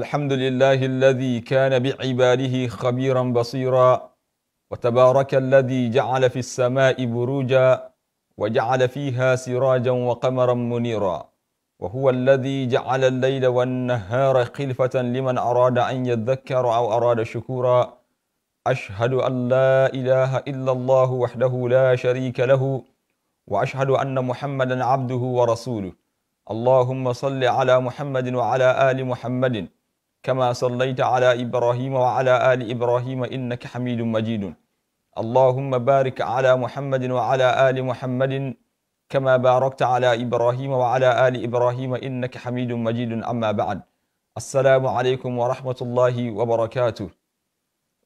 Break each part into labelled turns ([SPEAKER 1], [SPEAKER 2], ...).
[SPEAKER 1] الحمد لله الذي كان بعباده خبيرا بصيرا وتبارك الذي جعل في السماء بروجا وجعل فيها سراجا وقمرا منيرا وهو الذي جعل الليل والنهار خلفة لمن أراد أن يذكر أو أراد شكورا أشهد أن لا إله إلا الله وحده لا شريك له وأشهد أن محمدا عبده ورسوله اللهم صل على محمد وعلى آل محمد كما صليت على إبراهيم وعلى آل إبراهيم إنك حميد مجيد اللهم بارك على محمد وعلى آل محمد كما باركت على إبراهيم وعلى آل إبراهيم إنك حميد مجيد أما بعد Assalamu alaikum wa rahmatullahi wa barakatu.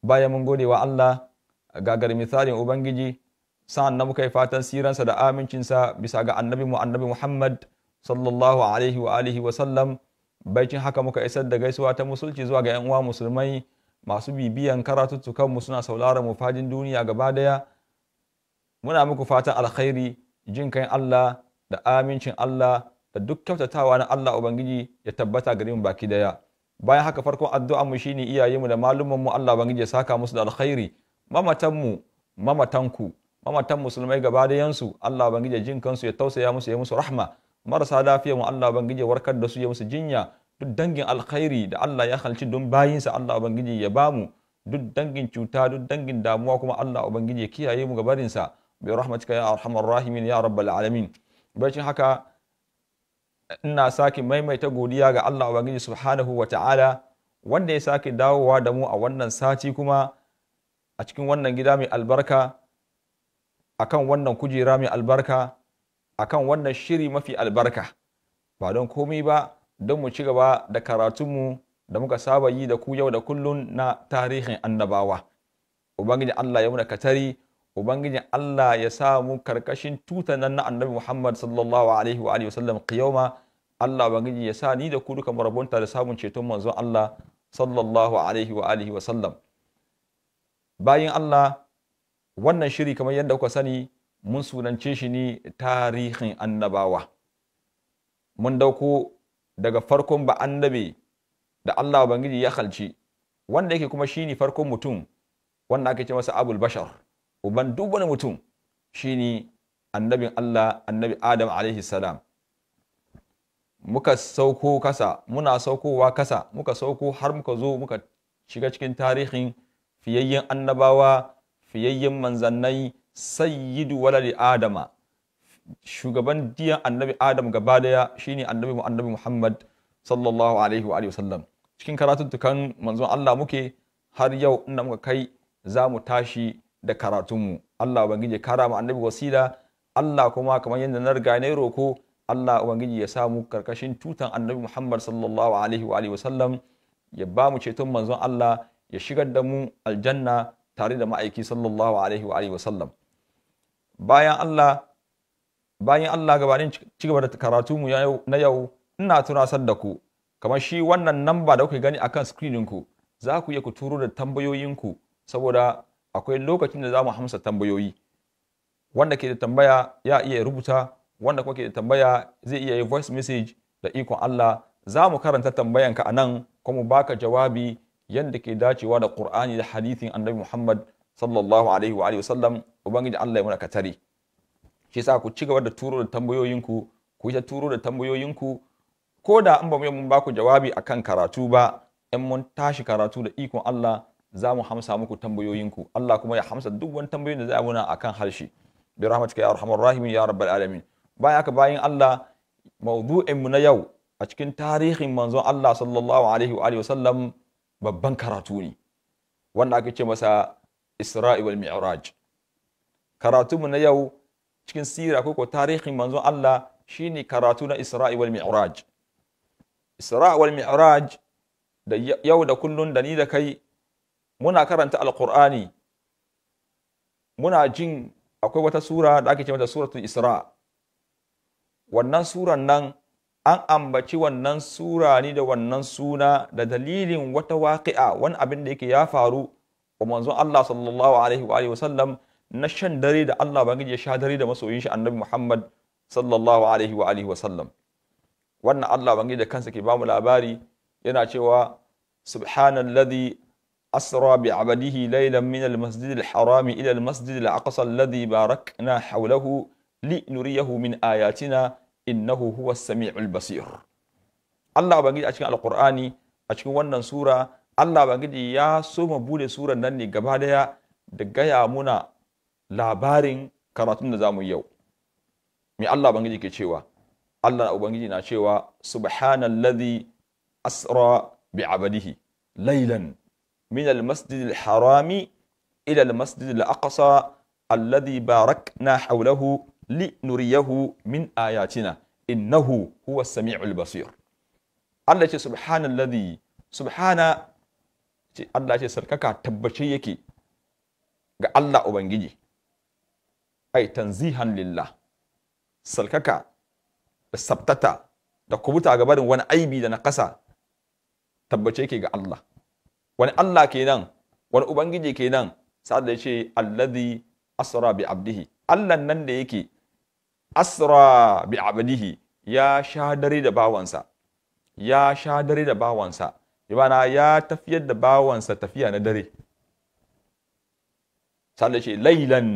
[SPEAKER 1] Bayan mun gode wa Allah gagar misalin Ubangiji, sa'an na muka yi fatan siransa da amincinsa bisa ga annabi mu annabi Muhammad sallallahu wa wa baikin haka muka isar da gaisuwa ta musulci zuwa ga 'yan uwa musulmai masu bibiyan karatuttukan mu suna sauraron mu fadin duniya gaba daya muna muku fatan alkhairi jin kai Allah da amincin Allah da duk kyautatawa na Allah ubangiji ya tabbata gare mu baki daya bayan haka farkon addu'a mu shine iyaye mu da malumman mu Allah ubangiji ya saka musu da alkhairi mamatan mu mamatan ku mamatan musulmai gaba dayan su Allah ubangiji jin kansu ya tausaya musu ya musu rahma marasa lafiya mu Allah ubangiji ya warkar da su ya musu jinya duk dangin alkhairi da Allah ya halci don bayinsa Allah ubangiji ya bamu duk dangin cuta duk dangin damuwa kuma Allah ubangiji ya kiyaye mu sa bi rahmatika ya arhamar rahimin ya rabbal alamin bacin haka ina sake maimaita godiya ga Allah ubangiji subhanahu wa ta'ala wanda ya sake dawowa da mu a wannan sati kuma a cikin wannan gida mai albarka akan wannan kujera mai albarka akan wannan shiri mafi albarka ba don komai ba don mu ci gaba da karatunmu da muka saba yi da ku yau da kullun na tarihin annabawa ubangiji Allah ya muna katari ubangiji Allah ya sa mu karkashin tutan na annabi Muhammad sallallahu alaihi wa alihi wasallam qiyama Allah ubangiji ya sa ni da ku duka marabunta da samun ceton manzon Allah sallallahu alaihi wa alihi wasallam bayin Allah wannan shiri kamar yadda kuka sani mun sunance shi ne tarihin annabawa mun dauko daga farkon ba annabi da Allah bangiji ya halci wanda yake kuma shi ne farkon mutum wanda ake ce masa abul bashar uban duk wani mutum shi ne annabin Allah annabi Adam alaihi salam muka sauko kasa muna saukowa kasa muka sauko har muka zo muka shiga cikin tarihin fiyayyen annabawa fiyayyen manzannai sayyidu waladi adama shugaban diyan annabi adam gaba daya shine annabi mu annabi muhammad sallallahu alaihi wa sallam cikin karatun tukan manzo Allah muke har yau inda muka kai zamu tashi da karatunmu Allah ubangiji kara mu annabi wasila Allah kuma kamar yadda na riga ne roko Allah ubangiji ya samu karkashin tutan annabi muhammad sallallahu alaihi wa sallam ya ba mu ceton manzon Allah ya shigar da mu aljanna tare da ma'aiki sallallahu alaihi wa sallam bayan Allah bayan Allah gabanin cigaba da karatu mu na yau ina tunasar da ku kamar shi wannan namba da kuke gani akan screen ku za ku iya ku turo da tambayoyinku saboda akwai lokacin da za mu hamsa tambayoyi wanda ke da tambaya ya iya rubuta wanda kuma ke da tambaya zai iya yi voice message da ikon Allah za mu karanta tambayanka a nan kuma baka jawabi yadda ke dacewa da Qur'ani da hadithin Annabi Muhammad sallallahu alaihi wa alihi wasallam ubangiji Allah ya muna katari shi yasa ku cigaba da turo da tambayoyinku ku yi ta turo da tambayoyinku ko da an ba mun ba ku jawabi akan karatu ba in mun tashi karatu da ikon Allah za mu hamsa muku tambayoyinku Allah kuma ya hamsa duk wani tambayoyin da za a muna akan harshe bi rahmatika ya arhamar rahimin ya rabbal alamin bayan haka bayan Allah maudu'in mu na yau a cikin tarihin manzon Allah sallallahu alaihi wa alihi wasallam babban karatu ne wanda aka ce masa isra'i wal mi'raj karatunmu na yau cikin sira ko tarihin manzon Allah shine karatu na isra'i wal mi'raj Isra'i wal mi'raj da yau da kullun da ni da kai muna karanta alqur'ani muna jin akwai wata sura da ake ce mata suratul isra wannan suran nan an ambaci wannan sura ne da wannan suna da dalilin wata waƙi'a wani abin da yake ya faru kuma manzon Allah sallallahu alaihi wa alihi wasallam na shan dare da Allah bangiji ya sha dare da masoyin shi annabi Muhammad sallallahu alaihi wa alihi wasallam wannan Allah bangiji da kansa ke bamu labari yana cewa subhanalladhi asra bi abadihi laylan min al-masjid harami ila al-masjid al-aqsa alladhi barakna hawlahu li nuriyahu min ayatina innahu huwa as-sami'ul basir Allah bangiji a cikin alqur'ani a cikin wannan sura Allah bangiji ya soma bude suran nan ne gaba daya da gaya muna labarin karatun da zamu yau me Allah bangiji ke cewa Allah ubangiji na cewa subhanalladhi asra bi abadihi laylan min almasjid harami ila almasjid alaqsa alladhi barakna hawlahu linuriyahu min ayatina innahu huwa samiul basir Allah ce subhanalladhi subhana Allah ce sarkaka tabbace yake ga Allah Ubangiji ai tanzihan lillah sarkaka da sabtata da kubuta ga barin wani aibi da na kasa tabbace yake ga Allah wani Allah kenan wani Ubangiji kenan sa'ad da ce alladhi asra bi abdihi Allah nan da yake asra bi abdihi ya sha dare da bawansa ya sha dare da bawansa imana ya tafiyar da bawansa tafiya na dare sallah ce lailan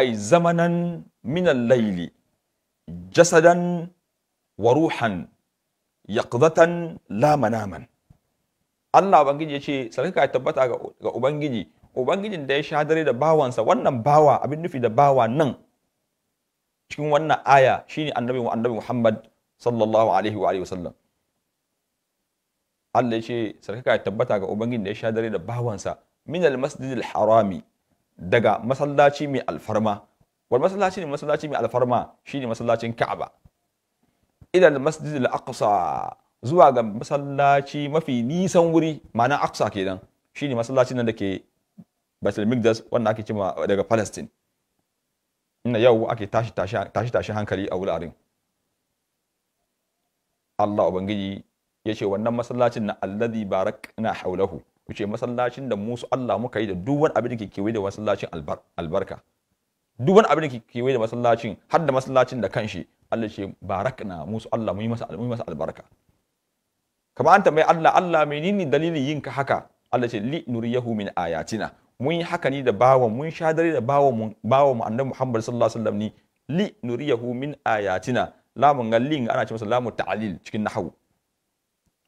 [SPEAKER 1] ai zamanan minan laili jasadan wa ruhan yaqdatan la manaman Allah Ubangiji ya ce sarkaka tabbata ga Ubangiji Ubangijin da ya sha dare da bawansa wannan bawa abin nufi da bawa nan cikin wannan aya shine annabi annabi Muhammad sallallahu alaihi wa alihi wasallam Allah ya ce sarkaka ya tabbata ga ubangiji da ya sha dare da bawansa min al al harami daga masallaci mai alfarma wal masallaci ne masallaci mai alfarma shine masallacin Ka'aba ila al al aqsa zuwa ga masallaci mafi nisan wuri ma'ana aqsa kenan shine masallacin nan da ke Baitul Migdas wanda ake cewa daga Palestine Ina yau ake tashi tashi hankali a wuraren Allah Ubangiji yace wannan masallacin na alladhi na haulahu Ku ce masallacin da musu Allah muka yi da duk wani abin da ke kewaye da masallacin albarka duk wani abin da ke kewaye da masallacin har da masallacin da kanshi Allah ce barakna musu Allah mu yi masa albarka kamar an tambayi Allah Allah menene dalilin yin ka haka Allah ce li nuriyahu min ayatina mun yi haka ni da bawan mun sha dare da bawan mu bawan mu annabi Muhammad sallallahu alaihi wasallam ni li nuriyahu min ayatina lamun gallin ana ce masa lamu ta'lil cikin nahwu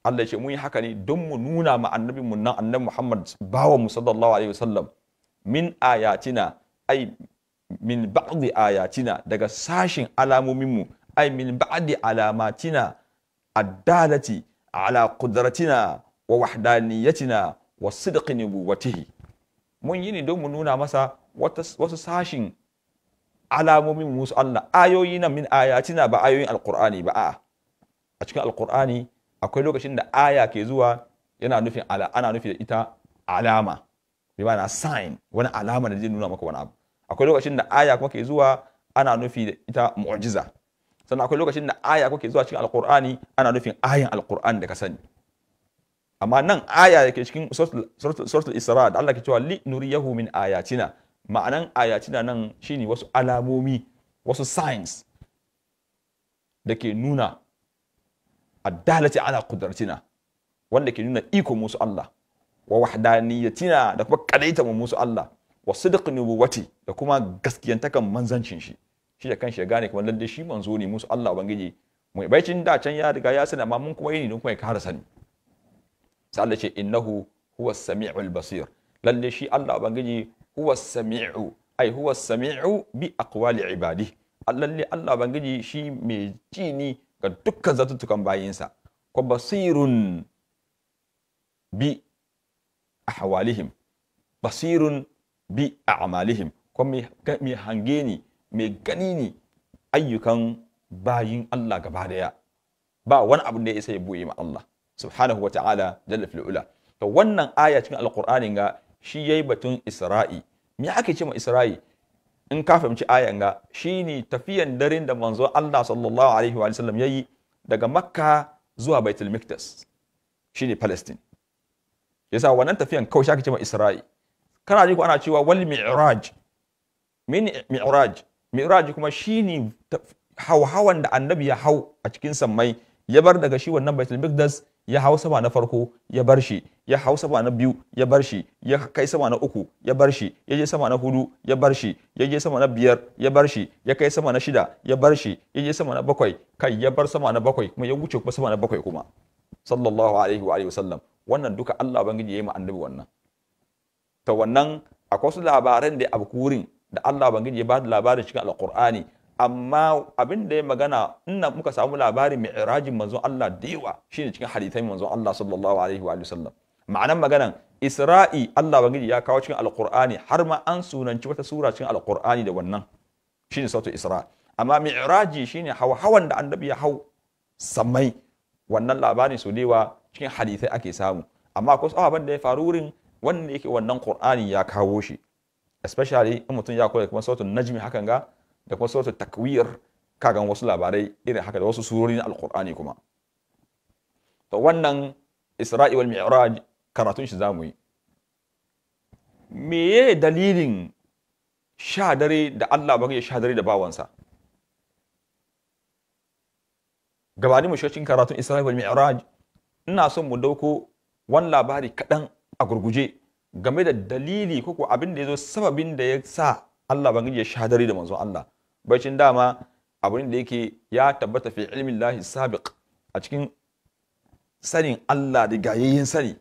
[SPEAKER 1] Allah ce mun yi haka ne don mu nuna ma annabin mu nan annabi Muhammad bawa mu sallallahu alaihi wasallam min ayatina ai min ba'di ayatina daga sashin alamomin mu ai min ba'di alamatina addalati ala qudratina wa wahdaniyatina wa sidqi nubuwatihi mun yi ne don mu nuna masa wasu sashin alamomin musu Allah ayoyi na min ayatina ba ayoyin alqur'ani ba a'a a cikin alqur'ani akwai lokacin da aya ke zuwa yana nufin ala ana nufi da ita alama bi na sign wani alama da zai nuna maka wani abu akwai lokacin da aya kuma ke zuwa ana nufi da ita mu'jiza sannan akwai lokacin da aya kuma ke zuwa cikin alqur'ani ana nufin ayan alqur'ani da ka sani amma nan aya yake ke cikin suratul isra da Allah ke cewa li nuriyahu min ayatina ma'anan ayatina nan shine wasu alamomi wasu signs da ke nuna addalati ala kudartina. wanda ke nuna iko musu Allah wa wahdaniyatina da kuma kadaita mu musu Allah wa sidq nubuwati da kuma gaskiyantakan manzancin shi shi da kanshi ya gane kuma lalle shi manzo ne musu Allah ubangiji mai baicin da can ya riga ya sani amma mun kuma yi ne don kuma ya kara sani sai Allah ce innahu huwa samiul basir lalle shi Allah ubangiji huwa samiu ai huwa samiu bi aqwali ibadi lalle Allah ubangiji shi mai ji ni ga dukkan zatuttukan bayinsa ko basirun bi ahwalihim basirun bi a'malihim ko mai hange ni mai gani ni ayyukan bayin Allah gaba daya ba wani abin da ya isa ya buye ma Allah subhanahu wa ta'ala jalla fil ula to wannan aya cikin alqur'ani ga shi yayi batun isra'i me ake ce ma isra'i in ka fahimci ayan ga shine tafiyan daren da manzo Allah sallallahu alaihi wa sallam yayi daga Makka zuwa Baitul Mikdas shine Palestine yasa wannan tafiyan kawai shi ake cewa Isra'i kana ji ko ana cewa wal mi'raj min mi'raj mi'raj kuma shine hauhawan da annabi ya hau a cikin sammai ya bar daga shi wannan Baitul Mikdas ya hau sama na farko ya bar shi ya hau sama na biyu ya bar shi ya kai sama na uku ya bar shi ya je sama na hudu ya bar shi ya je sama na biyar ya bar shi ya kai sama na shida ya bar shi ya je sama na bakwai kai ya bar sama na bakwai kuma ya wuce kuma sama na bakwai kuma sallallahu alaihi wa alihi wannan duka Allah bangiji yayi ma annabi wannan to wannan akwai su labaran da abkurin da Allah bangiji ya ba da labarin cikin alqur'ani amma abin da ya magana inna muka samu labarin mi'rajin manzon Allah da yawa shine cikin hadithai manzon Allah sallallahu alaihi wa sallam ma'anan maganan Isra'i Allah bangiji ya kawo cikin Alqur'ani har ma an sunanci wata sura cikin Alqur'ani da wannan shine sautu Isra amma mi'raji shine hawa-hawan da annabi ya hau samai wannan labarin su dewa cikin hadithai ake samu amma akwai sahaban da ya faru wurin wanda yake wannan Qur'ani ya kawo shi especially in mutum ya koya kuma sautin najmi hakan ga da kuma suratul takwir kagan wasu labarai irin haka da wasu surori na alqur'ani kuma to wannan isra'i wal mi'raj karatun shi zamu yi meye dalilin sha dare da Allah ba ya sha dare da bawansa gabani mu shocin karatun Isra'i wal ina son mu dauko wani labari kaɗan a gurguje game da dalili ko ko abin da ya zo sababin da ya sa Allah bangiji ya shahadari da manzon Allah cin dama abin da yake ya tabbata fi ilmin Allah sabiq a cikin sanin Allah da gayayyen sani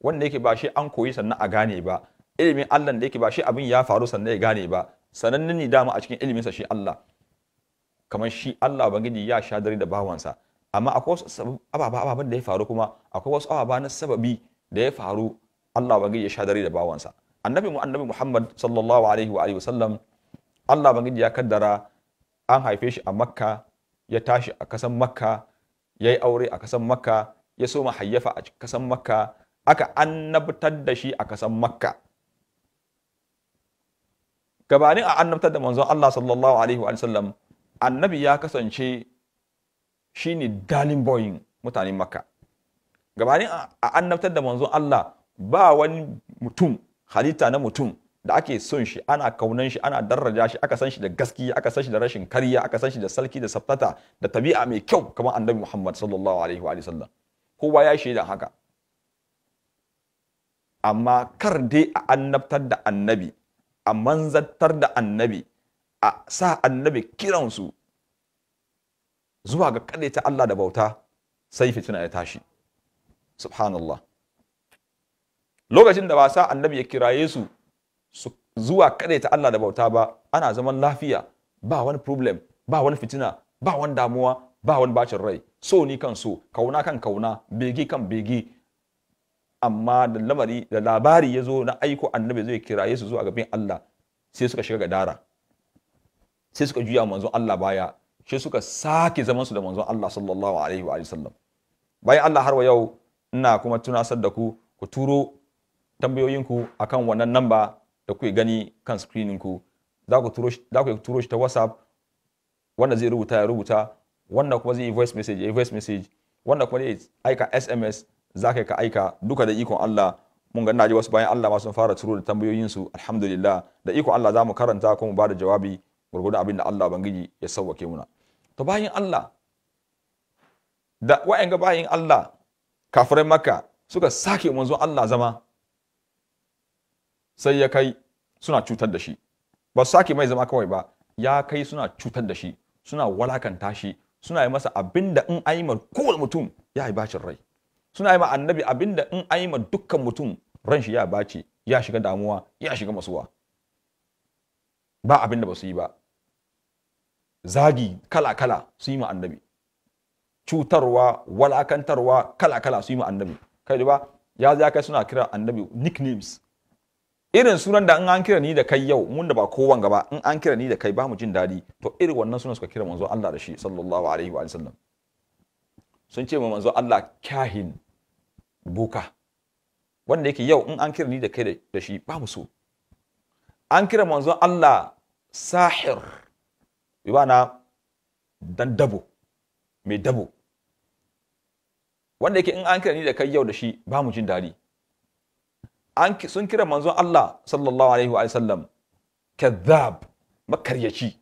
[SPEAKER 1] wanda yake ba shi an koyi sannan a gane ba ilimin Allah da yake ba shi abin ya faru sannan ya gane ba sananne ni dama a cikin sa shi Allah kamar shi Allah bangiji ya shahadari da bawansa amma akwai wasu ababa ababan da ya faru kuma akwai wasu ababa na sababi da ya faru Allah bangiji ya shahadari da bawansa annabi mu annabi Muhammad sallallahu alaihi wa alihi wasallam Allah bangiji ya kaddara an haife shi a Makka ya tashi a kasan Makka ya yi aure a kasan Makka ya soma hayyafa a kasan Makka aka annabtar da shi a kasan Makka gabanin a annabtar da manzon Allah sallallahu alaihi wa sallam annabi ya kasance shi ne dalin boyin mutanen Makka gabanin a annabtar da manzon Allah ba wani mutum halitta na mutum da ake son shi ana kaunan shi ana daraja shi aka san shi da gaskiya aka san shi da rashin kariya aka san shi da salki da saftata da tabi'a mai kyau kamar annabi Muhammad sallallahu alaihi wa sallam kowa ya shaida haka amma kar dai a annabtar da annabi a manzantar da annabi a sa annabi kiransu zuwa ga ta Allah da bauta sai fitina ya tashi subhanallah lokacin da ba sa annabi ya kiraye su zuwa zuwa ta Allah da bauta ba ana zaman lafiya ba wani problem ba wani fitina ba wani damuwa ba wani bacin rai so ni kan so kauna kan kauna bege kan bege amma da lamari da labari ya zo na aiko annabi zai kiraye su zuwa gaban Allah sai suka shiga gadara sai suka juya manzon Allah baya sai suka sake zaman su da manzon Allah sallallahu alaihi wa sallam bayan Allah har wa yau ina kuma tunasar da ku ku turo tambayoyinku akan wannan namba da kuke gani kan screeninku za ku turo shi ta whatsapp wanda zai rubuta ya rubuta wanda kuma zai yi voice message ya yi voice message wanda kuma zai aika sms za ka ka aika duka da ikon allah mun ga na ji wasu bayan allah ma sun fara turo da tambayoyinsu alhamdulillah da ikon allah za mu karanta kuma mu bada jawabi gurgurdan abin da allah bangiji ya sauwake muna to bayan allah da wa'yan ga bayan allah kafirai makka suka sake manzon allah zama sai ya kai suna cutar da shi ba su sake mai zama kawai ba ya kai suna cutar da shi suna walakanta shi suna yi masa abin da in ayi ma kowane mutum ya yi bacin rai suna yi ma annabi abin da in ayi ma dukkan mutum ran shi ya bace ya shiga damuwa ya shiga masuwa ba abin da ba su yi ba zagi kala-kala su yi ma annabi cutarwa walakantarwa kala-kala su yi ma annabi kai da ba ya zai kai suna kira annabi nicknames irin sunan da in an kira ni da kai yau mun da ba kowan gaba in an kira ni da kai ba mu jin daɗi to irin wannan sunan suka kira manzo Allah da shi sallallahu alaihi wa sallam sun ce manzo Allah kahin buka wanda yake yau in an kira ni da kai da shi ba mu so an kira manzo Allah sahir bi dan dabo mai dabo wanda yake in an kira ni da kai yau da shi ba mu jin daɗi an sun kira manzon Allah sallallahu alaihi wa sallam kadhab makaryaci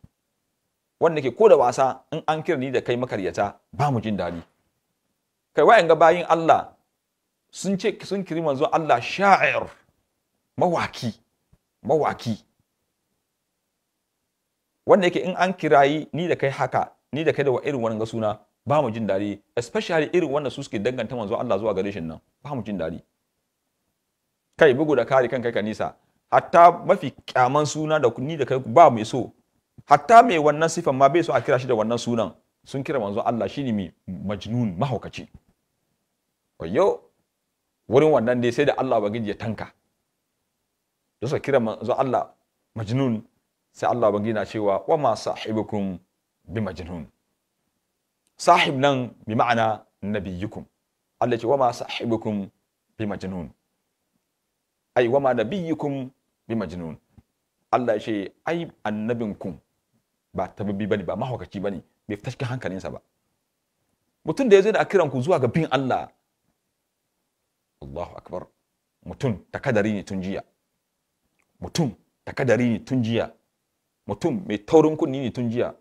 [SPEAKER 1] wanda ke ko da wasa in an kira ni da kai makaryata ba mu jin daɗi kai wayan ga bayin Allah sun ce sun kiri manzon Allah sha'ir mawaki mawaki wanda yake in an kirayi ni da kai haka ni da kai da wa irin wannan ga suna ba mu jin daɗi especially irin wannan su suke danganta manzo Allah zuwa gare shi nan ba mu jin daɗi kai bugu da kare kanka kai nisa hatta mafi kyaman suna da ni da kai ba mai so hatta mai wannan sifan ma bai so a kira shi da wannan sunan sun kira manzo Allah shine mai majnun mahaukaci wayo wurin wannan dai sai da Allah ubangiji ya tanka da su kira manzo Allah majnun sai Allah ubangiji na cewa wa ma sahibukum bi majnun sahib nan bi ma'ana nabiyukum Allah ce wa ma sahibukum bi majnun ai wama nabiyyukum bi majnun Allah ce ai kun ba tababbi bane ba mahaukaci bane bai fita cikin hankalinsa ba mutum da ya zo da akiran ku zuwa ga bin Allah Allahu akbar mutum takadari ne tun jiya mutum takadari ne tun jiya mutum mai taurin kunni ne tun jiya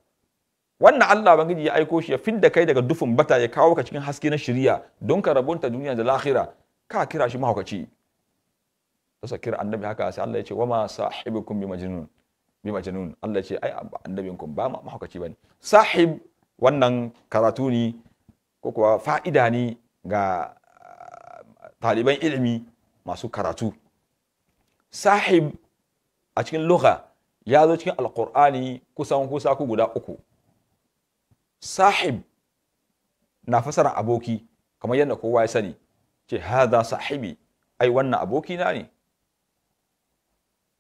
[SPEAKER 1] wannan Allah bangiji ya aiko shi ya fidda kai daga dufin bata ya kawo ka cikin haske na shiriya don ka rabonta duniya da lahira ka kira shi mahaukaci ta sakir annabi haka sai Allah ya ce wama sahibukum bi majnun bi majnun Allah ya ce ai annabinku ba ma mahaukaci bane sahib wannan karatu ne ko kuwa fa'ida ne ga ah, taliban ilimi masu karatu sahib a cikin lugha ya zo cikin alkur'ani kusan kusa ku guda uku sahib na fasara aboki kamar yadda kowa ya sani ce haza sahibi ai wannan aboki na ne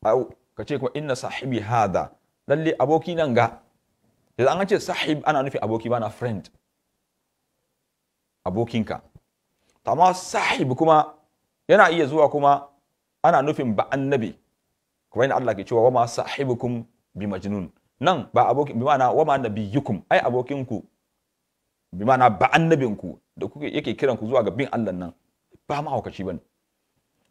[SPEAKER 1] ka ce kuma inna sahibi hada lalle aboki nan ga da an ce sahib ana nufi aboki bana friend abokinka amma sahib kuma yana iya zuwa kuma ana nufin ba annabi kuma yana Allah ke cewa wama sahibukum bi majnun nan ba abokin bi ma'ana wama nabiyukum ai abokinku bi ma'ana ba annabinku da kuke yake kiran ku zuwa ga bin Allah nan ba ba bane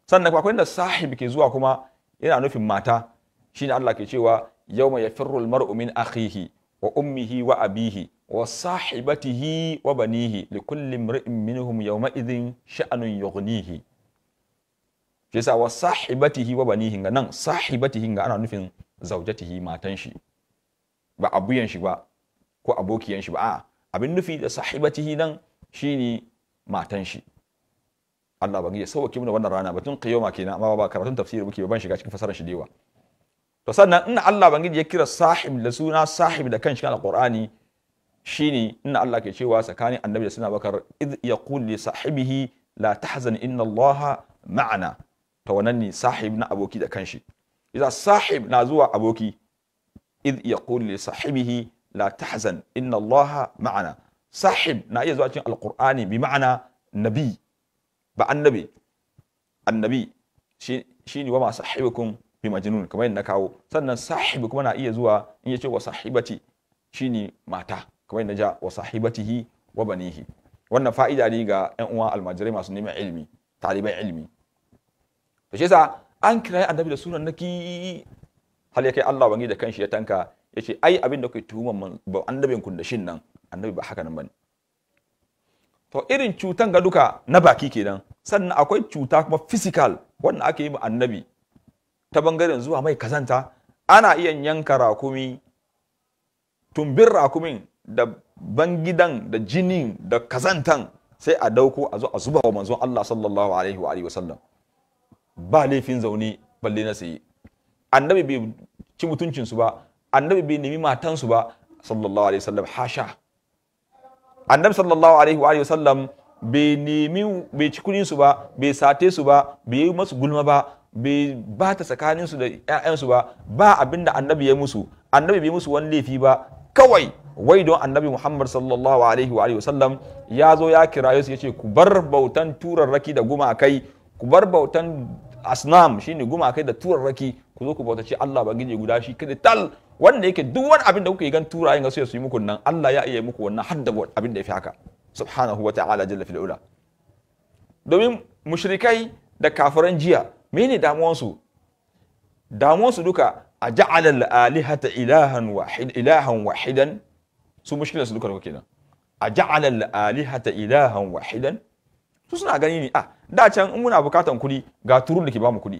[SPEAKER 1] sannan akwai inda sahib ke zuwa kuma yana nufin mata shine Allah ke cewa yawma yafirru almar'u min akhihi wa ummihi wa abihi wa sahibatihi wa banihi li kulli imri'in minhum yawma idhin sha'nun yughnihi shi yasa wa sahibatihi wa banihi ga nan sahibatihi ga ana nufin zaujatihi matan shi ba abuyan shi ba ko abokiyan shi ba a abin nufi da sahibatihi nan shine matan shi Allah ban ya sauke mu da wannan rana batun qiyama kenan amma ba karatun tafsiri muke ban shiga cikin fasaran shi dewa to sannan in Allah bangi ya kira sahib da suna sahib da kan shi alqur'ani shine inna Allah ke cewa tsakanin annabi da suna bakar id yaqul li sahibihi la tahzan inna Allah ma'ana to wannan ne sahib na aboki da kanshi idan sahib na zuwa aboki id yaqul li sahibihi la tahzan inna Allah ma'ana sahib na iya zuwa cikin alqur'ani bi ma'ana nabi ba annabi annabi shi ne wa ma sahibukum bi majnun kamar yadda na kawo sannan sahibi kuma na iya zuwa in ya ce wa sahibati shine mata kamar yadda ja wa sahibatihi wa banihi wannan fa'ida ne ga ƴan uwa almajirai masu neman ilimi taliban ilimi to shi yasa an kirayi annabi da sunan naki hal ya kai Allah bangi da kanshi ya tanka ya ce ai abin da kai tuhuman annabin kun da shin nan annabi ba haka nan bane to irin cutan ga duka na baki kenan sannan akwai cuta kuma physical wannan ake yi ma annabi ta bangaren zuwa mai kazanta ana iya yanka rakumi tumbin rakumin da bangidan da jinin da kazantan sai a dauko a zo a zuba wa manzon Allah sallallahu alaihi wa alihi wasallam ba laifin zaune balle na sayi annabi bai ci mutuncinsu ba annabi bai nemi matansu ba sallallahu alaihi wasallam hasha annabi sallallahu alaihi wa sallam bai nemi bai ci su ba bai sate su ba bai yi masu gulma ba bai ba ta tsakanin su da ƴaƴan su ba ba abinda annabi ya musu annabi bai musu wani laifi ba kawai wai don annabi Muhammad sallallahu alaihi wa sallam ya zo ya kira su ce ku bar bautan turarraki da gumakai ku bar bautan asnam shine gumakai da turarraki ku zo ku bautaci Allah bagije guda shi kada tal wanda yake duk wani abin da kuke gan turayen gasu su yi muku nan Allah ya iya muku wannan hadda abin da ya fi haka subhanahu wata'ala jalla fil ula domin mushrikai da kafiran jiya mene damuwansu su duka a ja'ala al-alihata ilahan wahid ilahan wahidan su mushkilan su duka duka kenan a ja'ala al-alihata ilahan wahidan su suna gani ne ah da can in muna bukatan kudi ga turun da ke bamu kuɗi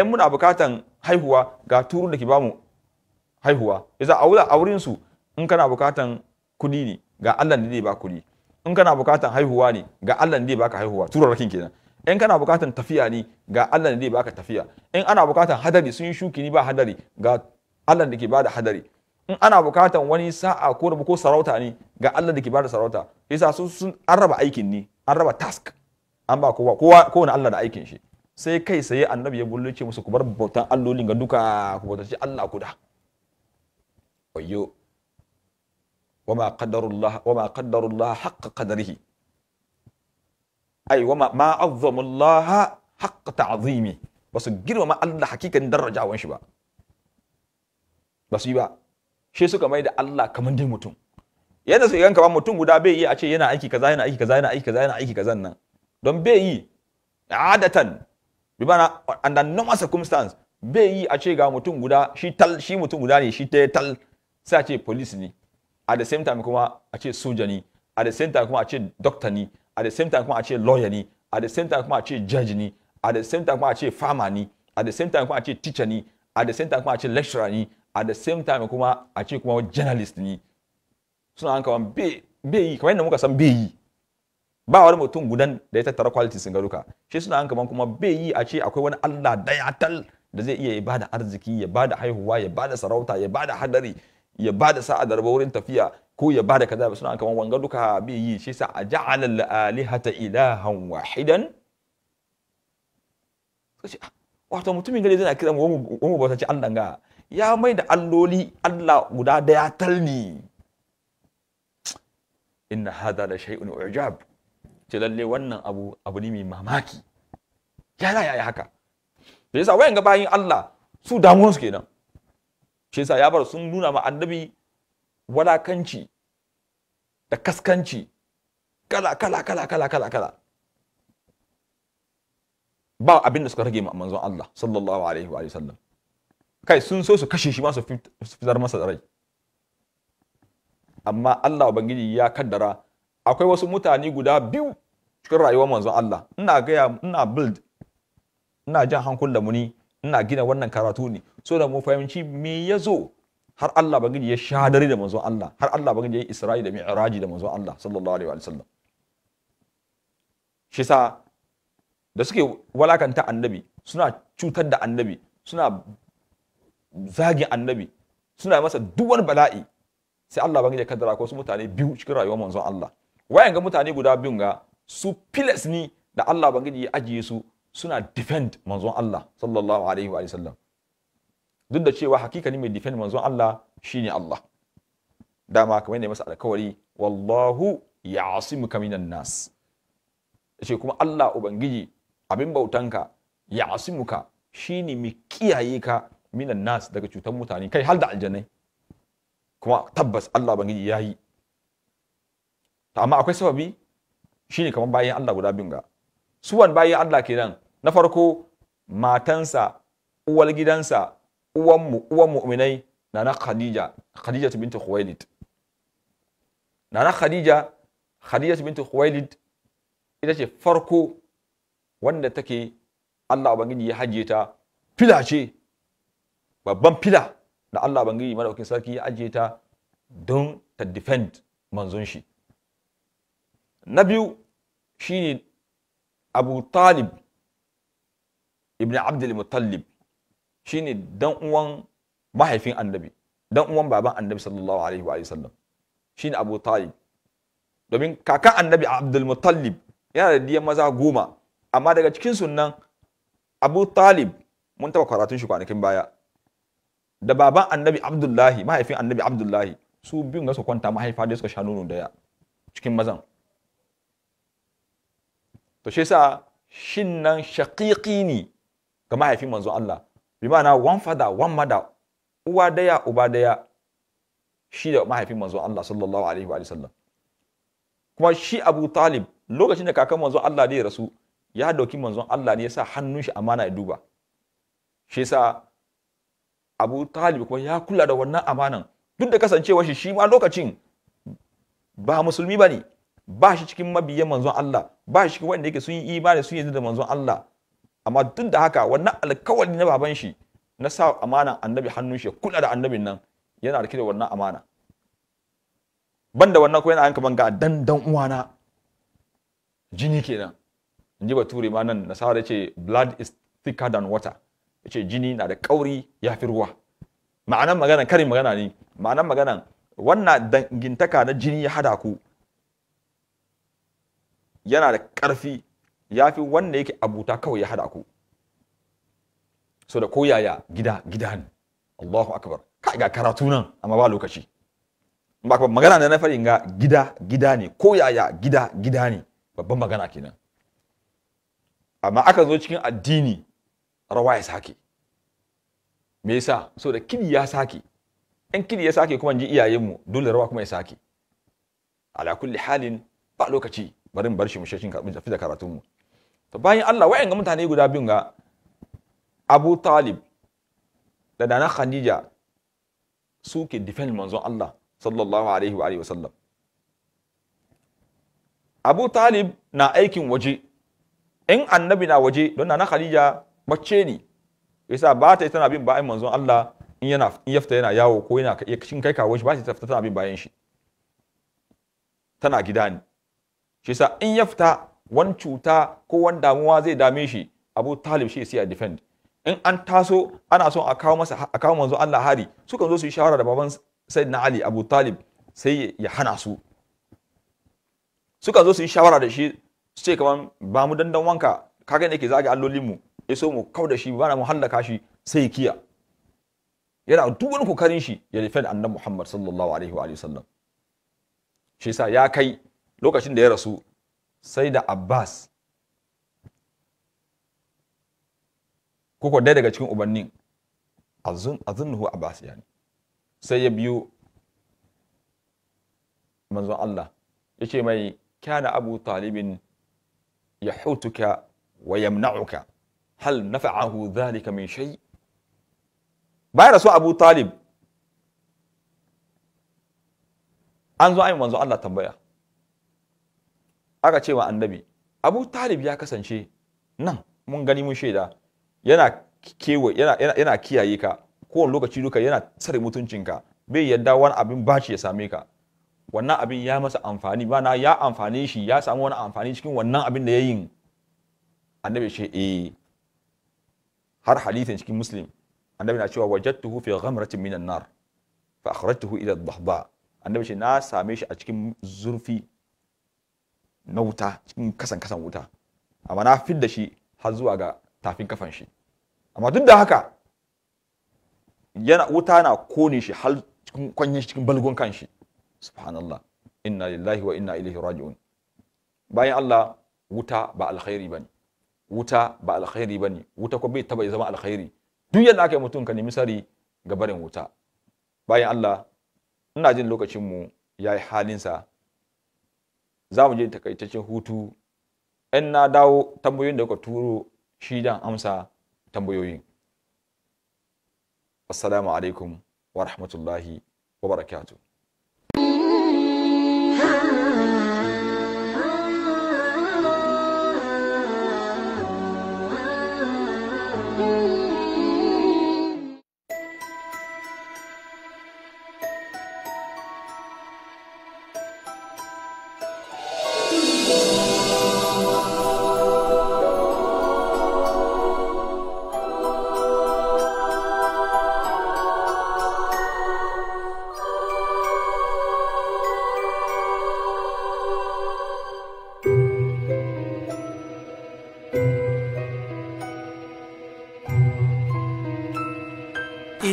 [SPEAKER 1] in muna bukatan haihuwa ga turun da ke bamu haihuwa Isa a auren su in kana bukatan kudi ne ga Allah ne zai ba kudi in kana bukatan haihuwa ne ga Allah ne zai baka haihuwa turarrakin kenan in kana bukatan tafiya ne ga Allah ne zai baka tafiya in ana bukatan hadari sun yi shuki ni ba hadari ga Allah da ke bada hadari in ana bukatan wani sa'a ko rabu ko sarauta ne ga Allah da ke bada sarauta yasa su sun an raba aikin ne an raba task an ba kowa kowa kowane Allah da aikin shi sai kai sai annabi ya bullo ce musu ku bar bautan allolin ga duka ku bautaci Allah kuda wayyo wama qaddarullah wama qaddarullah haqqa qadarihi ai wama ma azzamullaha haqqa ta'zimi basu girmama Allah hakikan ba yi ba shi da Allah kamar dai mutum yadda su mutum guda bai yi a ce yana aiki kaza yana aiki kaza yana aiki kaza yana aiki kaza don bai yi adatan bi mana under bai yi a ce ga mutum guda shi mutum guda ne shi tal sai a ce police ne at the same time kuma a ce soja ne at the same time kuma a ce doctor ne at the same time kuma a ce lawyer ne at the same time kuma a ce judge ne at the same time kuma a ce farmer ne at the same time kuma a ce teacher ne at the same time kuma a ce lecturer ne at the same time kuma a ce kuma journalist ne suna an kawan bai yi kamar yadda muka san bai yi ba wani mutum gudan da ya tattara quality sun garuka shi suna an kaman kuma bai yi a ce akwai wani Allah daya tal da zai iya ya bada arziki ya bada haihuwa ya bada sarauta ya bada hadari ya ba da sa'a da rabo wurin tafiya ko ya ba da kaza ba suna kaman wanga duka bi yi shi sa a ja'ala al-alihata ilahan wahidan ah, wato mutumin gari zai kira mu mu bauta ci Allah ga ya mai da alloli Allah guda daya talni inna da da shay'un ujab ce lalle wannan abu abu ne mai mamaki ya ya haka da yasa wayan ga bayan Allah su ke kenan shi yasa ya bar sun nuna ma annabi walakanci da kaskanci kala kala kala kala kala kala ba abin da suka rage ma manzon Allah sallallahu alaihi wa sallam kai sun so su kashe shi ma su fitar masa rai amma Allah ubangiji ya kaddara akwai wasu mutane guda biyu cikin rayuwar manzon Allah ina gaya ina build ina jan hankul da muni ina gina wannan karatu ne so da mu fahimci me ya zo har Allah bagiji ya shadari da manzon Allah har Allah bagiji ya Isra'i da Mi'raji da manzon Allah sallallahu alaihi wa sallam shi sa da suke walakanta annabi suna cutar da annabi suna zagin annabi suna masa duwar bala'i sai Allah bagiji ya kaddara ko su mutane biyu cikin rayuwar manzon Allah wayan ga mutane guda biyun ga su filas ni da Allah bagiji ya ajiye su suna defend manzon Allah sallallahu alaihi wa sallam duk da cewa hakikani mai defend manzon Allah shine Allah dama kamar ne masa alkawari wallahu ya'simuka minan nas yace kuma Allah ubangiji abin bautanka ya'simuka shine mai kiyaye ka minan nas daga cutan mutane kai har da aljanai kuma tabbas Allah ubangiji yayi amma akwai sababi shine kamar bayan Allah guda bin ga suwan bayan Allah ke nan. na farko matansa uwar gidansa uwan mu uwan mu'minai nana khadija khadija binti khuwailid nana khadija khadija binti khuwailid ita ce farko wanda take Allah ubangiji ya haje ta fila ce babban fila da Allah ubangiji madaukakin sarki ya ajiye ta don ta defend manzon shi na biyu shine Abu Talib ibn abdul muttalib shine dan uwan mahaifin annabi dan uwan baban annabi sallallahu alaihi wa sallam shine abu talib domin kakan annabi abdul muttalib yana da diyan maza goma amma daga cikin sunan abu talib mun taba karatun shi kwanakin baya da baban annabi abdullahi mahaifin annabi abdullahi su biyun ga su kwanta mahaifa da suka sha nono daya cikin mazan to shi yasa shin nan shaqiqi ne ga mahaifin manzon Allah bi ma'ana one father one mother uwa daya uba daya shi da mahaifin manzon Allah sallallahu alaihi wa sallam kuma shi Abu Talib lokacin da kakan manzon Allah zai ya rasu ya dauki manzon Allah ne ya sa hannun shi amana ya duba shi yasa Abu Talib kuma ya kula da wannan amanan duk da kasancewa shi shi ma lokacin ba musulmi ba ne. ba shi cikin mabiyan manzon Allah ba shi cikin wanda yake sun yi imani sun yi da manzon Allah amma duk da haka wannan alkawari na baban shi na sa amanan annabi hannun shi kula da annabin nan yana rike da wannan amana banda wannan ko yana an kaman ga dan dan uwana jini kenan in ji bature ma nan nasara ce blood is thicker than water yace jini na da kauri ya fi ruwa ma'anan magana karin magana ne ma'anan magana wannan dangintaka na jini ya hada ku yana da ƙarfi ya fi wanda yake abuta kawai ya hada ku so da koyaya gida gida ne Allahu akbar ka ga karatu nan amma ba lokaci ba magana da na fari ga gida gida ne koyaya gida gida ne babban magana kenan amma aka zo cikin addini rawa ya sake me yasa so da kidi ya sake in kidi ya sake kuma ji iyayenmu dole rawa kuma ya sake ala kulli halin ba lokaci bari mu bar shi mu shashin karbi da karatun mu to bayan Allah wa'in ga mutane guda biyun ga Abu Talib da Dana Khadija suke defend manzon Allah sallallahu alaihi wa alihi wasallam Abu Talib na aikin waje in annabi na waje don Nana Khadija mace ne yasa ba ta tana bin bayan manzon Allah in yana in yafta yana yawo ko yana cikin kai kawo shi ba ta tana bin bayan shi tana gida ne shi yasa in yafta wani cuta ko wani damuwa zai dame shi abu talib shi sai a defend in an taso ana so a kawo masa a kawo manzo Allah hari sukan zo su yi shawara da baban sayyidina Ali Abu Talib sai ya hana su suka zo su yi shawara da shi su ce kaman ba mu dandan wanka Ka ne yake zage allolin mu ya so mu kauda shi ba na mu hallaka shi sai kiya yana duk wani kokarin shi ya defend annabi Muhammad sallallahu alaihi wa sallam shi yasa ya kai lokacin da ya rasu sai da Abbas koko dai daga cikin ubannin azunnuhu Abbas yani sai ya biyo manzon Allah ya ce mai kyana Abu Talibin yahutuka wa yamna'uka hal nafa'ahu mai min shay bayan rasu Abu Talib an zo ayi manzon Allah tambaya aka ce wa annabi abu talib ya kasance nan mun gani mun shaida yana kewa yana, kiyaye ka kowane lokaci duka yana tsare mutuncinka bai yadda wani abin baci ya same ka wannan abin ya masa amfani bana ya amfane shi ya samu wani amfani cikin wannan abin da ya yi annabi ce eh har hadithin cikin muslim annabi na cewa wajadtuhu fi ghamratin minan nar fa akhrajtuhu ila ad-dahba annabi ce na same shi a cikin zurfi na wuta cikin kasan kasan wuta amma na da shi har zuwa ga tafin kafan shi amma duk da haka yana wuta na kone shi har cikin kwanyen cikin balgon kan shi subhanallah inna lillahi wa inna ilaihi raji'un bayan Allah wuta ba alkhairi bane wuta ba alkhairi bane wuta ko bai taba zama alkhairi duk yadda aka yi mutum ka nemi sari ga barin wuta bayan Allah ina jin lokacin mu yayi halinsa za mu je takaitaccen hutu in na dawo tambayoyin da kuka turo shi dan amsa tambayoyin assalamu alaikum wa rahmatullahi wa barakatuh
[SPEAKER 2] Thank ah, ah, you. Ah,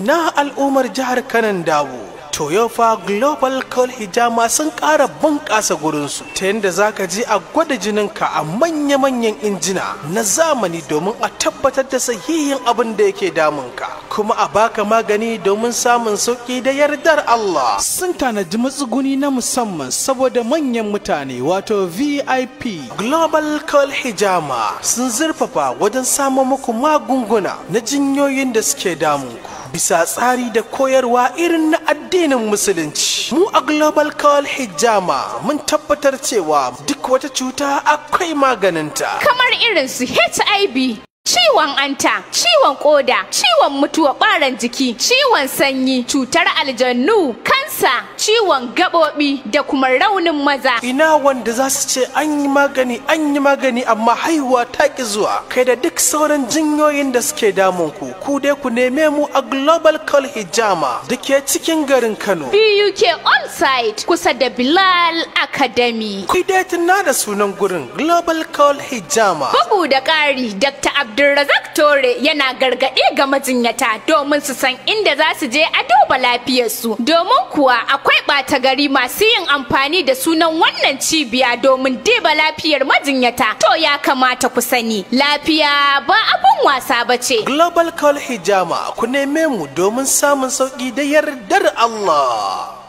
[SPEAKER 2] ina al'ummar jihar kanan dabo Toyofa Global Call Hijama sun ƙara bunƙasa gurinsu ta yadda za ka je a gwada jinin ka a manya-manyan injina na zamani domin a tabbatar da sahihin abin da yake ka, kuma a baka magani domin samun sauƙi da yardar Allah. Sun tanadi matsuguni na musamman saboda manyan mutane wato VIP Global Call Hijama sun zurfafa wajen samun muku magunguna na jinyoyin da suke damunku. bisa tsari da koyarwa irin na addinin musulunci mu a global call hijama mun tabbatar cewa duk wata cuta akwai maganinta kamar irin su hiv ciwon anta ciwon koda ciwon mutuwa ɓaran jiki ciwon sanyi cutar aljannu kansa ciwon gaɓoɓi da kuma raunin maza ina wanda za su ce an yi magani an yi magani amma haihuwa ta ki zuwa kai da duk sauran jinyoyin da suke damun ku ku dai ku neme mu a global call hijama da ke cikin garin kano buk on site kusa da bilal academy ku dai tuna da sunan gurin global call hijama bugu da ƙari dr abdul Abdulrazak yana gargaɗi ga majinyata domin su san inda za su je a duba lafiyarsu. Domin kuwa akwai ɓata gari masu yin amfani da sunan wannan cibiya domin diba lafiyar majinyata. To ya kamata ku sani lafiya ba abun wasa ba ce. Global Call Hijama ku neme mu domin samun sauƙi da yardar Allah.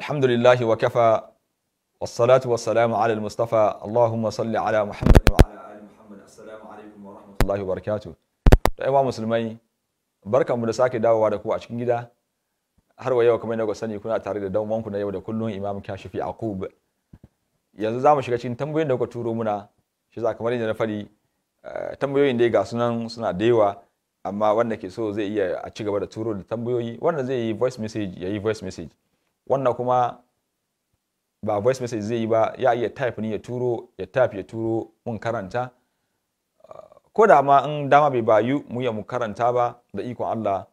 [SPEAKER 1] الحمد لله وكفى والصلاة والسلام على المصطفى اللهم صل على محمد وعلى آل محمد السلام musulmai da sake dawowa da ku a cikin gida har wa yau kamar yadda sani kuna tare da dan ku na yau da kullum imam kashifi aqub yanzu za mu shiga cikin tambayoyin da kuka turo muna shi za kamar yadda na fari eh, tambayoyin dai ga sunan suna da yawa amma wanda ke so zai iya a ci gaba da turo da tambayoyi wanda zai yi voice message ya yi voice message wannan kuma ba voice message zai yi ba ya iya type ne ya turo ya type ya turo mun karanta ah, ko da ma in dama bai bayu mu ya mu karanta ba da ikon Allah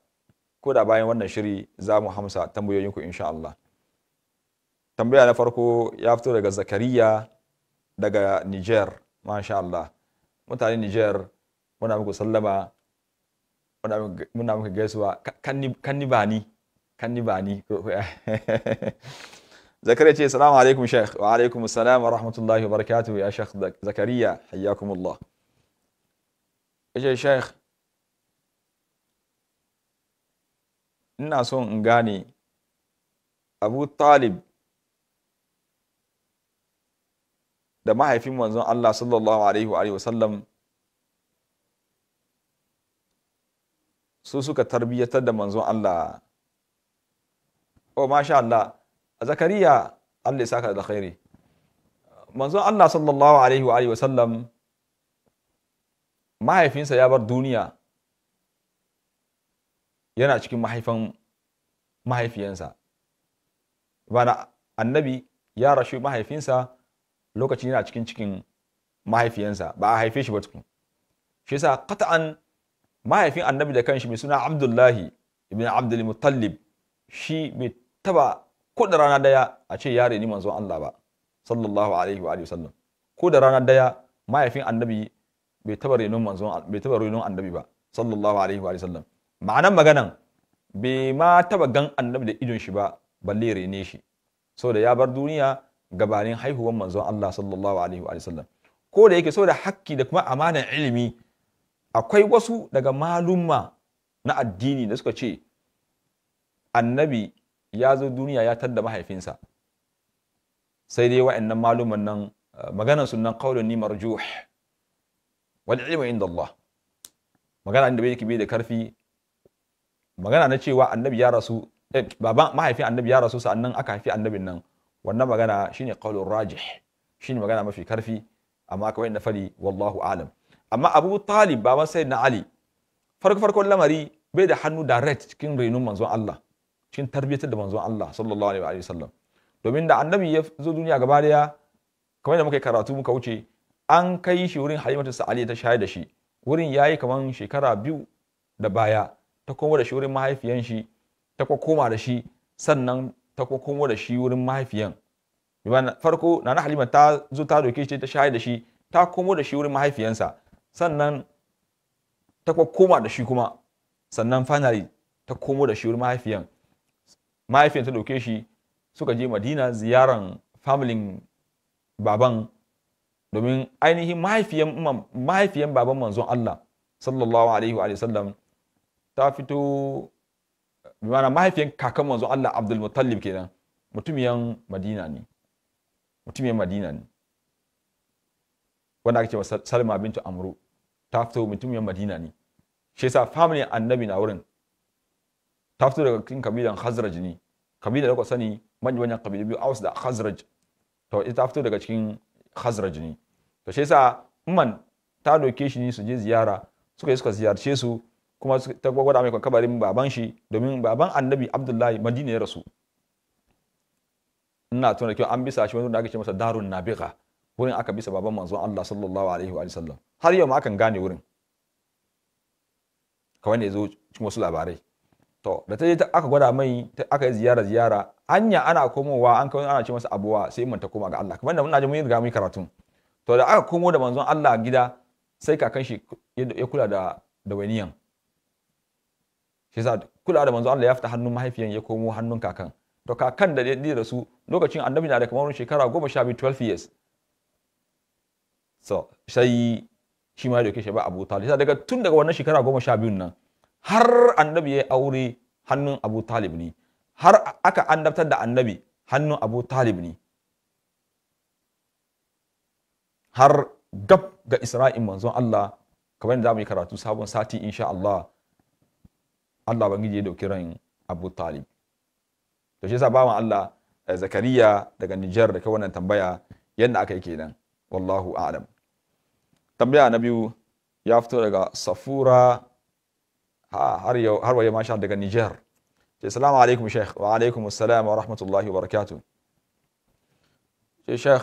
[SPEAKER 1] ko da bayan wannan shiri za mu hamsa tambayoyinku insha Allah tambaya na farko ya fito daga Zakariya daga Niger masha Allah mutanen Niger muna muku sallama muna muku gaisuwa ba ni." kan ni ba ni zakariya ce salamu alaikum sheikh wa alaikum salam wa rahmatullahi wa barakatuh ya sheikh zakariya hayyakumullah yace sheikh ina son in gane abu talib da mahaifin manzon Allah sallallahu alaihi wa sallam su suka tarbiyyatar da manzon Allah oh masha Allah zakariya Allah ya saka da khairi manzon Allah sallallahu alaihi wa alihi sallam mahaifinsa ya bar duniya yana cikin mahaifan mahaifiyansa bana annabi ya rashi mahaifinsa lokacin yana cikin cikin mahaifiyansa ba a haife shi ba tukun shi yasa qat'an mahaifin annabi da kanshi mai suna Abdullahi ibn Abdul Muttalib shi mai taba ko da rana daya a ce ya reni manzon Allah ba sallallahu alaihi wa alihi sallam ko da rana daya mahaifin annabi bai taba renon manzon bai taba renon annabi ba sallallahu alaihi wa alihi sallam ma'anan maganan bai ma taba gan annabi da idon shi ba balle rene shi saboda ya bar duniya gabanin haihuwar manzon Allah sallallahu alaihi wa alihi sallam ko da yake saboda hakki da kuma amanan ilimi akwai wasu daga malumma na addini da suka ce annabi ya zo duniya ya tadda mahaifinsa sai dai wa'annan maluman nan eh, maganan sunan qaulun ni marjuh wal ilmu inda Allah magana da bai da karfi magana na cewa annabi ya rasu eh, baban mahaifin annabi ya rasu sa'annan aka haifi annabin nan wannan magana shine qaulur rajih shine magana mafi karfi amma kawai na fari wallahu alam amma Abu Talib baban na Ali farko farkon lamari bai da hannu direct cikin renon manzon Allah cikin tarbiyyatar da manzon Allah sallallahu alaihi wa sallam domin da annabi ya zo duniya gaba daya kamar da muka yi karatu muka wuce an kai shi wurin halimatu sa'ali ta shayar da shi wurin yayi kamar shekara biyu da baya ta komo da shi wurin mahaifiyan shi ta koma da shi sannan ta koma da shi wurin mahaifiyan farko nana halima ta zo ta doke shi ta shayar da shi ta komo da shi wurin mahaifiyansa sannan ta koma da shi kuma sannan finally ta komo da shi wurin mahaifiyan mahaifiyar ta dauke shi suka je madina ziyaran familin baban domin ainihin mahaifiyan baban manzon Allah sallallahu alaihi wa sallam ta fito mana mahaifiyan kakan manzon Allah Abdul Muttalib kenan mutumiyan Madina ne mutumiyan Madina ne wanda ake cewa Salma bintu Amru ta fito mutumiyan Madina ne shi yasa family annabi na wurin ta fito daga cikin kabilan Khazraj ne kabila da kuka sani manyan kabilu biyu Aus da Khazraj to ita ta fito daga cikin Khazraj ne to shi yasa Umman ta doke shi ne su je ziyara suka yi suka ziyarce su kuma ta gwada mai kabarin baban shi domin baban Annabi Abdullahi Madina ya rasu ina tuna kyau an bisa shi wani da aka ce masa Darun Nabiqa wurin aka bisa baban manzon Allah sallallahu alaihi wa sallam har yau ma akan gane wurin kawai ne ya zo cikin wasu labarai to da ta je ta aka gwada mai aka yi ziyara ziyara hanya ana komowa an kai ana ce masa abuwa sai mun ta koma ga Allah kamar da muna je mun yi riga mun karatu to da aka komo da manzon Allah gida sai kakan shi ya kula da da waniyan shi yasa kula da manzon Allah ya fita hannun mahaifiyan ya komo hannun kakan to kakan da ya da su lokacin annabi na da kamar shekara goma sha biyu 12 years so sai shi ma da yake shi ba Abu Talib daga tun daga wannan shekara goma sha biyun nan har annabi ya aure hannun abu talib ne har aka annabtar da annabi hannun abu talib ne har gab ga isra'in manzon Allah kamar yadda mu yi karatu sabon sati insha Allah Allah bangiji ya dauki ran Abu Talib to shi yasa bawan Allah eh, Zakariya daga Nijar da kai wannan tambaya yadda aka yi kenan wallahu a'lam tambaya na biyu ya fito daga Safura har waje ma daga Nijar. ce salamu alaikum sheikh wa alaikum assalam wa rahmatullahi wa barakatuh ce sheikh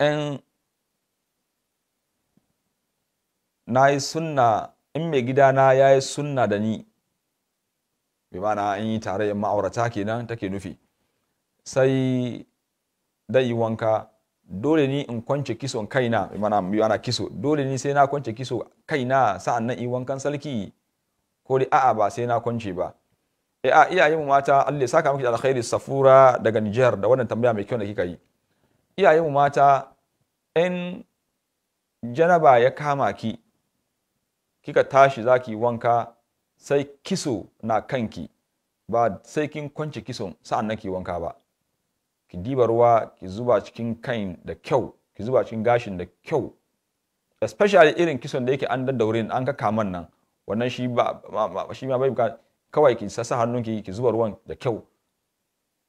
[SPEAKER 1] in na yi sunna in mai gidana ya yi sunna da ni bi ma'ana an yi yin ma'aurata kenan take nufi sai dai yi wanka dole ni in kwance kiso kaina bi ma'ana ana kiso dole ni sai na kwance kiso kaina sa'an nan yi wankan salki ko dai a'a ba sai na kwance ba eh a iyaye mu mata Allah ya saka miki da alkhairi safura daga Niger da wannan tambaya mai kyau da kika yi iyaye mu mata in janaba ya kama ki kika tashi zaki wanka sai kiso na kanki ba sai kin kwance kiso sa'annan ki wanka ba ki diba ruwa ki zuba cikin kain da kyau ki zuba cikin gashin da kyau especially irin kison da yake an daddaure an ka kaman nan wannan shi ba shi ma bai bukata kawai ki sassa hannun ki ki zuba ruwan da kyau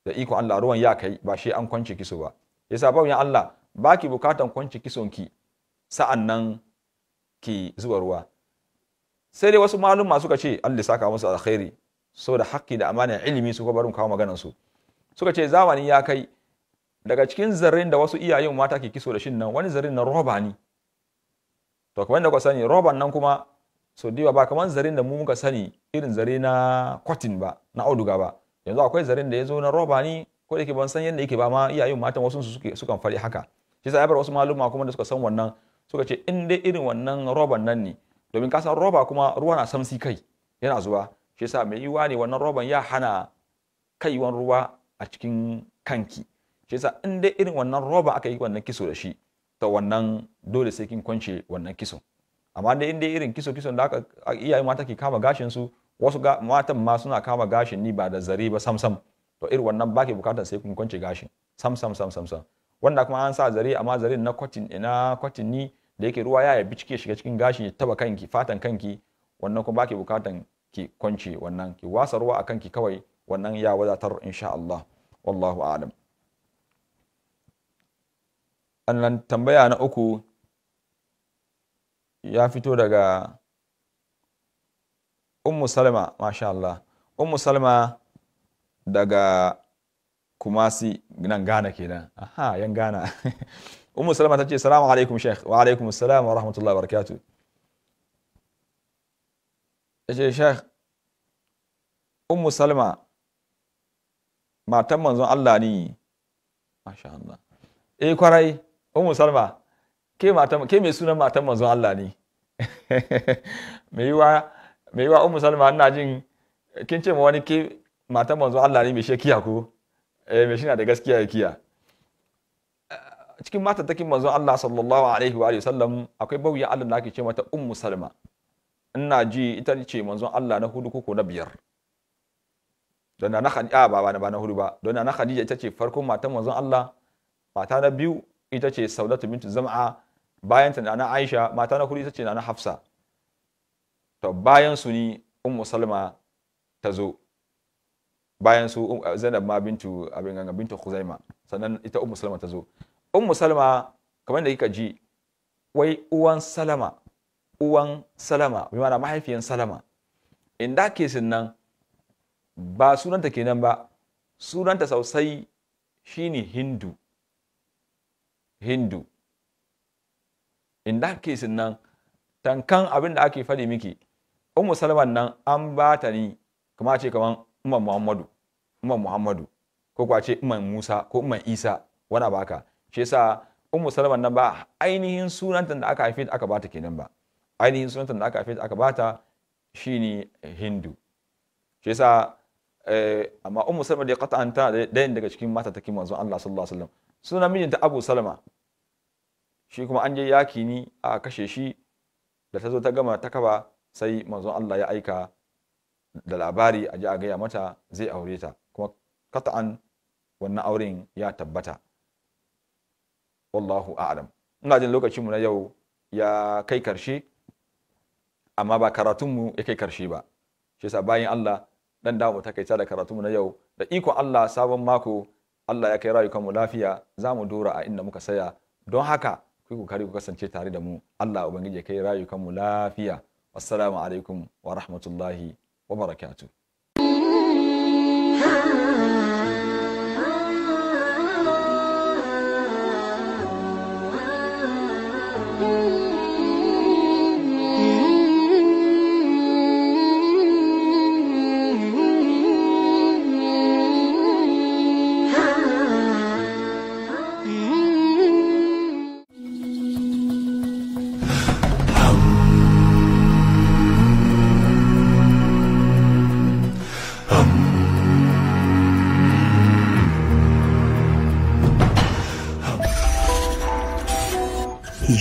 [SPEAKER 1] da iko Allah ruwan ya kai ba shi an kwance kiso ba yasa ba ya Allah baki bukatan kwance kison ki sa'an nan ki zuba ruwa sai dai wasu malumma suka ce Allah saka musu alkhairi da haƙƙi da amana ilimi su ko barin kawo maganar su suka ce zamani ya kai daga cikin zarrin da wasu iyayen mata ke kiso da shin nan wani zarrin na roba ne to kamar da ku sani roban nan kuma so diba ba kamar zaren da mu muka sani irin zare na cotton ba na auduga ba yanzu akwai zaren da ya zo na roba ne ko da ke ban san yadda yake ba ma iyayen matan wasu suke sukan fari haka shi sa ya wasu maluma kuma da suka san wannan suka ce in dai irin wannan roban nan ne domin ka san roba kuma ruwa na samsi kai yana zuwa shi sa mai yiwa ne wannan roban ya hana kaiwan ruwa a cikin kanki shi sa in dai irin wannan roba aka yi wannan kiso da shi ta wannan dole sai kin kwance wannan kiso amma dai inda irin kiso kiso da aka iyaye mata ke kama gashin su wasu matan ma suna kama gashin ni ba da zare ba sam sam to irin wannan ba ke bukatar sai kun kwance gashin sam sam sam sam sam wanda kuma an sa zare amma zare na kwatin ina kwatin ni da yake ruwa ya yabi cike shiga cikin gashin ya taba kanki fatan kanki wannan kuma ba ke bukatar ki kwance wannan ki wasa ruwa a kanki kawai wannan ya wadatar insha Allah wallahu a'lam annan tambaya na uku ya fito daga ummu salma masha Allah ummu salma daga kumasi nan gana kenan aha yan gana ummu salma ta ce salamu alaikum sheikh wa alaikum Salamu wa rahmatullahi wa barakatu. ya ce sheikh ummu salma matan manzon Allah ne masha Allah eh kwarai ummu salma ke mai sunan matan manzon Allah ne mai yiwa mai salma ina jin kin ce ma wani ke matan manzon Allah ne mai shekiya ko eh mai na da gaskiya ya kiya cikin matan takin manzon Allah sallallahu alaihi wa sallam akwai bauyin Allah da ake ce mata umu salma ina ji ita ce manzon Allah na hudu ko na biyar don na Khadija ba ba na hudu ba don na Khadija ita ce farkon matan manzon Allah mata na biyu ita ce Saudatu bintu Zam'a bayan ta na Aisha mata na kudi ita ce na Hafsa to bayan su ni Ummu Salma ta zo bayan su um, uh, Zainab ma bintu abin ganga bintu Khuzaima sannan ita Ummu Salma ta zo Ummu Salma kamar da kika ji wai uwan Salama uwan Salama bi ma'ana mahaifiyan Salama in da kesin nan ba sunanta kenan ba sunanta sosai shine Hindu Hindu in that case nan tankan abin da ake faɗi miki ummu salman nan an ba ta ni kuma ce kaman umman muhammadu umman muhammadu ko kuwa ce umman musa ko umman isa wani abu haka shi yasa ummu salman nan ba ainihin sunanta da aka haife aka bata kenan ba ainihin sunanta da aka haife aka bata shine hindu shi yasa eh, amma ummu salma da qat'an ta dayan daga cikin mata take manzon Allah sallallahu alaihi wasallam sunan mijinta Abu Salma shi kuma an je yaki ni a kashe shi da ta zo ta gama ta kaba sai manzon Allah ya aika da labari a ji a gaya mata zai aure ta kuma kata'an wannan auren ya tabbata wallahu a'lam ina jin lokacin mu na yau ya kai karshe amma ba karatunmu ya kai karshe ba shi yasa bayan Allah dan ta takaita da karatunmu na yau da iko Allah sabon mako Allah ya kai rayukanmu lafiya za mu dora a inda muka saya don haka ku kokari ku kasance tare da mu Allah ubangiji ya kai rayukanmu lafiya assalamu alaikum wa rahmatullahi wa barakatuh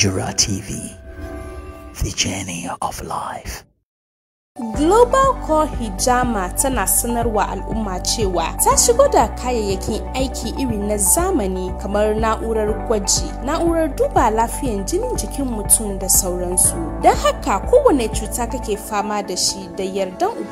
[SPEAKER 2] Hijra TV, the journey of life. Global Core Hijama tana sanarwa al'umma cewa ta shigo da kayayyakin aiki iri na zamani kamar na'urar gwaji, na'urar duba lafiyan jinin jikin mutum da sauransu. Don haka kowane cuta kake fama da shi da yardan